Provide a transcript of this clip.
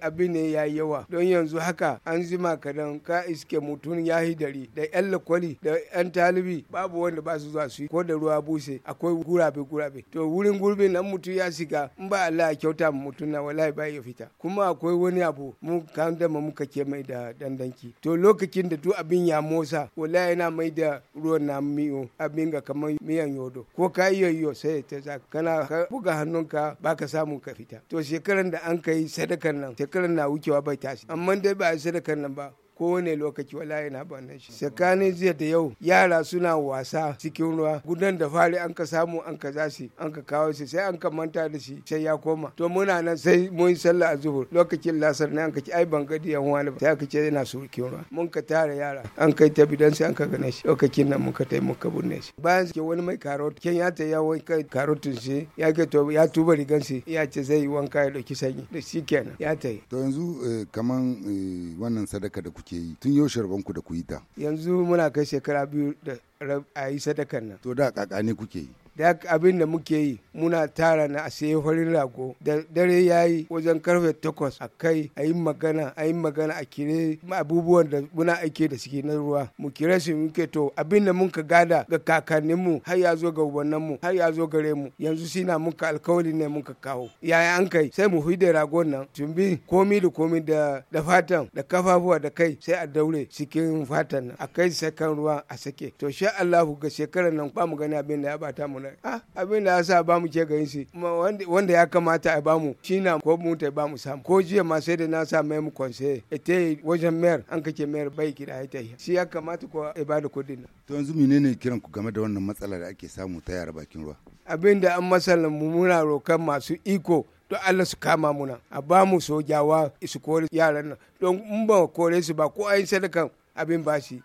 abin ne ya yi yawa don yanzu haka an zima kadan ka iske mutum ya hidari da yan lakwali da yan talibi babu wanda ba su zuwa su ko da ruwa buse akwai gurabe gurabe to wurin gurbe nan mutum ya shiga in ba Allah ya kyauta mu mutum na wallahi ba ya fita kuma akwai wani abu mu kan da muka ke mai da dandanki to lokacin da duk abin ya mosa. wallahi yana mai da ruwan na miyo abin ga kamar miyan yodo ko ka yi yoyo sai ta kana buga hannunka baka samu ka fita to shekaran da an kai sadakan nan shekarar na wucewa bai tashi amma dai ba a shirya da nan ba kowane lokaci wallahi na nan shi tsakanin jiya da yau yara suna wasa cikin ruwa gudan da fari an ka samu an ka zasi an ka kawo shi sai an ka manta da shi sai ya koma to muna nan sai mun sallah zuhur lokacin lasar ne an ka ci ai ban gadi yan wani sai ka ce yana surkin ruwa mun ka tare yara an kai ta bidan sai an ka gane shi lokacin nan mun ka tai mun ka bunne shi bayan ke wani mai karot ken ya ta ya wai kai karotin shi ya ke to ya tuba rigan shi ya ce zai yi wanka ya dauki sanyi da shi kenan ya ta to yanzu eh, kaman eh, wannan sadaka da kuke kuke yi tun yau sharban ku da ku yi ta yanzu muna kai shekara biyu da a yi sadakan nan to da kakani kuke yi da abin da muke yi muna tara na a sayi farin rago da dare ya yi wajen karfe takwas a kai a yi magana a yi magana a kire abubuwan da muna aike da suke na ruwa mu kire su muke to abin da muka gada ga kakanninmu har ya zo ga mu har ya zo gare mu yanzu mun muka alkawali ne muka kawo yaya an kai sai mu da ragon nan tumbi komi da komi da da fatan da kafafuwa da kai sai a daure cikin fatan nan a kai sakan ruwa a sake to sha Allahu ga shekarar nan ba mu gani abin da ya bata mu nan ah, abin da yasa ba mu ke garin shi wanda ya kamata a bamu shi na ko mu ta ba mu samu ko jiya ma sai da na sa mai mu konse ete wajen mayar an kake mayar bai ta yi shi ya kamata ko a bada kudin nan to yanzu menene kiran ku game da wannan matsala da ake samu ta yara bakin ruwa abin da an matsala mu muna rokan masu iko to Allah su kama muna a ba mu sojawa su kore yaran nan don in ba kore su ba ko ayin sadakan abin ba shi